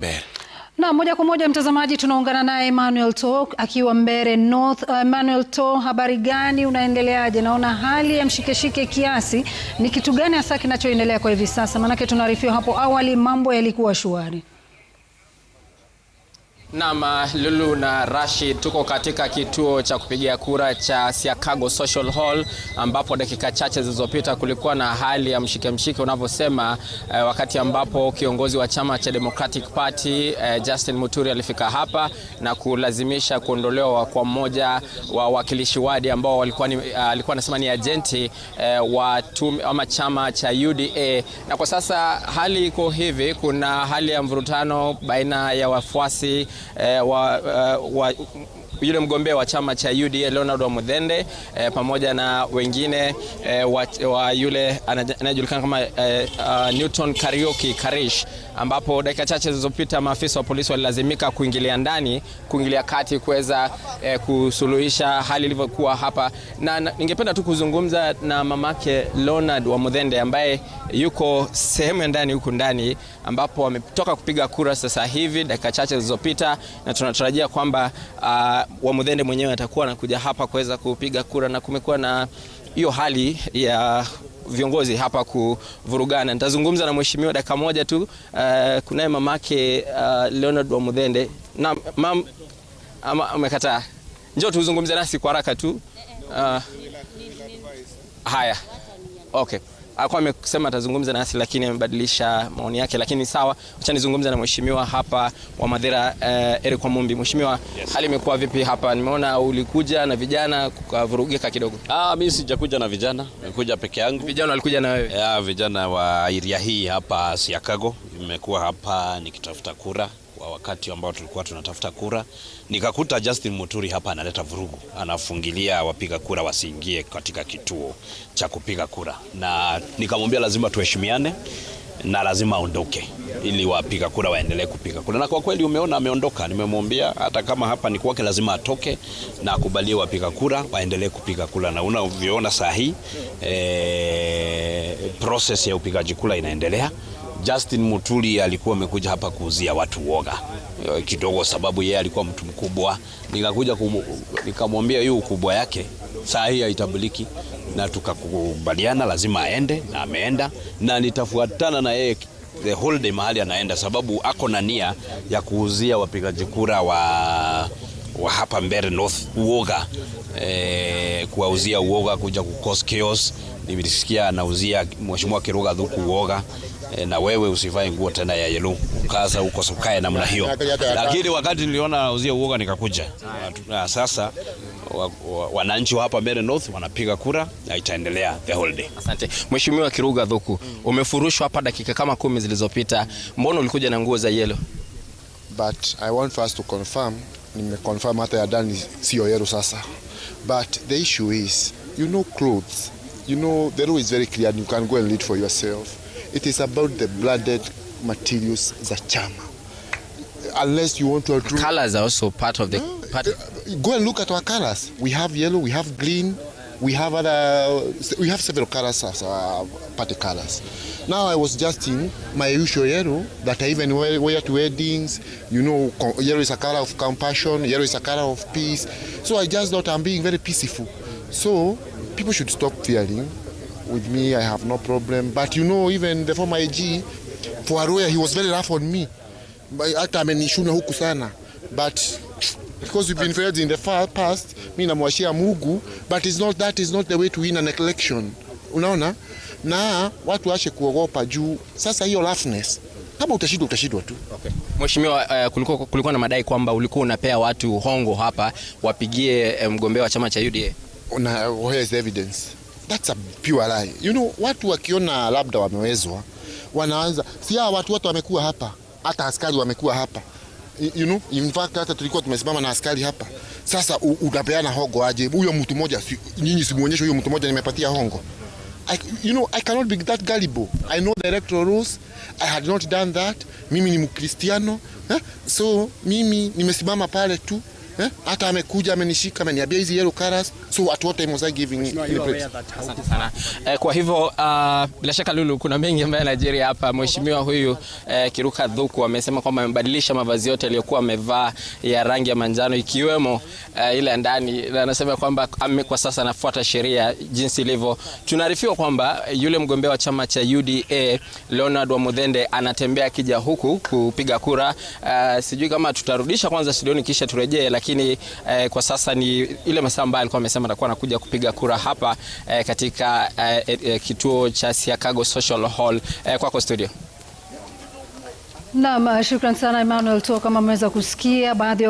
Mbeere. Na moja kwa moja mtazamaji, tunaungana naye Emmanuel To akiwa Mbeere North. Uh, Emmanuel To, habari gani? Unaendeleaje? Naona hali ya mshikeshike kiasi, ni kitu gani hasa kinachoendelea kwa hivi sasa? Maanake tunaarifiwa hapo awali mambo yalikuwa shwari. Nama uh, Lulu na Rashid, tuko katika kituo cha kupigia kura cha Siakago Social Hall ambapo dakika chache zilizopita kulikuwa na hali ya mshike mshike unavyosema, eh, wakati ambapo kiongozi wa chama cha Democratic Party eh, Justin Muturi alifika hapa na kulazimisha kuondolewa kwa mmoja wa wawakilishi wadi ambao walikuwa ni, alikuwa anasema ni ajenti eh, wa ama chama cha UDA, na kwa sasa hali iko hivi, kuna hali ya mvurutano baina ya wafuasi Eh, wa, eh, wa, yule mgombea wa chama cha UDA Leonard Wamuthende eh, pamoja na wengine eh, wa, wa yule anayejulikana kama eh, uh, Newton Kariuki Karish, ambapo dakika chache zilizopita maafisa wa polisi walilazimika kuingilia ndani, kuingilia kati kuweza eh, kusuluhisha hali ilivyokuwa hapa, na ningependa tu kuzungumza na mamake Leonard Wamuthende ambaye yuko sehemu ya ndani huku ndani ambapo wametoka kupiga kura sasa hivi dakika chache zilizopita, na tunatarajia kwamba uh, Mudhende mwenyewe atakuwa anakuja hapa kuweza kupiga kura, na kumekuwa na hiyo hali ya viongozi hapa kuvurugana. Nitazungumza na mheshimiwa dakika moja tu. Uh, kunaye mamake uh, Leonard Mudhende na mam, ama amekataa. Njoo tuzungumze nasi kwa haraka tu. Uh, haya, okay alikuwa amesema atazungumza nasi lakini amebadilisha maoni yake, lakini sawa, acha nizungumze na mheshimiwa hapa wa madhira eh, Eric Wamumbi. Mheshimiwa, yes. Hali imekuwa vipi hapa? Nimeona ulikuja na vijana kukavurugika kidogo. Ah, mimi sijakuja na vijana, nimekuja peke yangu. Vijana walikuja na wewe? Ya, vijana wa iria hii hapa Siakago, nimekuwa hapa nikitafuta kura wakati ambao tulikuwa tunatafuta kura, nikakuta Justin Muturi hapa analeta vurugu, anafungilia wapiga kura wasiingie katika kituo cha kupiga kura, na nikamwambia lazima tuheshimiane na lazima aondoke ili wapiga kura waendelee kupiga kura, na kwa kweli umeona ameondoka. Nimemwambia hata kama hapa ni kwake, lazima atoke na akubalie wapiga kura waendelee kupiga kura, na unavyoona saa hii e, eh, process ya upigaji kura inaendelea. Justin Mutuli alikuwa amekuja hapa kuuzia watu woga kidogo, sababu yeye alikuwa mtu mkubwa. Nikakuja nikamwambia yu ukubwa yake saa hii haitabiliki na tukakubaliana lazima aende, na ameenda, na nitafuatana na yeye the whole day mahali anaenda, sababu ako na nia ya kuuzia wapigaji kura wa wa hapa Mbeere North uoga eh, kuwauzia uoga kuja kukos chaos. Nilisikia anauzia mheshimiwa Kiruga dhuku uoga eh, na wewe usivae nguo tena ya yellow ukaza huko sukae namna hiyo, lakini wakati niliona anauzia uoga nikakuja na sasa wananchi wa hapa Mbeere North wanapiga kura na itaendelea the whole day. Asante. Mheshimiwa Kiruga Dhuku, umefurushwa hapa dakika kama kumi zilizopita. Mbona ulikuja na nguo za yellow? But I want first to confirm nimeconfirm hata ya dani sio yero sasa, but the issue is you know clothes you know the law is very clear and you can go and lead for yourself it is about the blooded materials za chama unless you want to outdo- colors are also part of the yeah. part uh, go and look at our colors we have yellow we have green we have other we have several colors as uh, party colors now i was just in my usual yellow that i even wear, wear to weddings you know yellow is a color of compassion yellow is a color of peace so i just thought i'm being very peaceful so people should stop fearing with me i have no problem but you know even the former ig for aroya he was very rough on me hata amenishuna huku sana but because we've been failed in the far past. mi namwashia mugu but is not that is not the way to win an election. Unaona, na watu washe kuogopa juu sasa hiyo roughness kama utashidwa utashidwa tu. Okay. Mheshimiwa, uh, kulikuwa, kulikuwa na madai kwamba ulikuwa unapea watu hongo hapa wapigie eh, mgombea um, wa chama cha UDA. Una, where is evidence? That's a pure lie. You know, watu wakiona labda wamewezwa wanaanza, si hawa watu wote wamekuwa hapa, hata askari wamekuwa hapa you know, in fact hata tulikuwa tumesimama na askari hapa. Sasa utapeana hongo aje? Huyo mtu mmoja si, nyinyi simuonyeshe huyo mtu mmoja nimepatia hongo. I, you know, I cannot be that gullible. I know the electoral rules. I had not done that. Mimi ni Mkristiano eh? So mimi nimesimama pale tu eh? Hata amekuja amenishika ameniambia hizi yellow colors so at what time was I giving it? Asante sana. Eh, kwa hivyo uh, bila shaka Lulu, kuna mengi ambayo Nigeria hapa. Mheshimiwa huyu eh, Kiruka Dhuku amesema kwamba amebadilisha mavazi yote aliyokuwa amevaa ya rangi ya manjano ikiwemo eh, ile ndani, na anasema kwamba ame kwa sasa anafuata sheria jinsi ilivyo. Tunaarifiwa kwamba yule mgombea wa chama cha UDA Leonard Wamudhende anatembea akija huku kupiga kura. Uh, sijui kama tutarudisha kwanza studioni kisha turejee, lakini eh, kwa sasa ni ile masaa ambayo alikuwa amesema amesema atakuwa anakuja kupiga kura hapa eh, katika eh, eh, eh, kituo cha Siakago Social Hall. Eh, kwako studio. Naam, eh, shukran sana Emmanuel Toka, kama mmeweza kusikia baadhi ya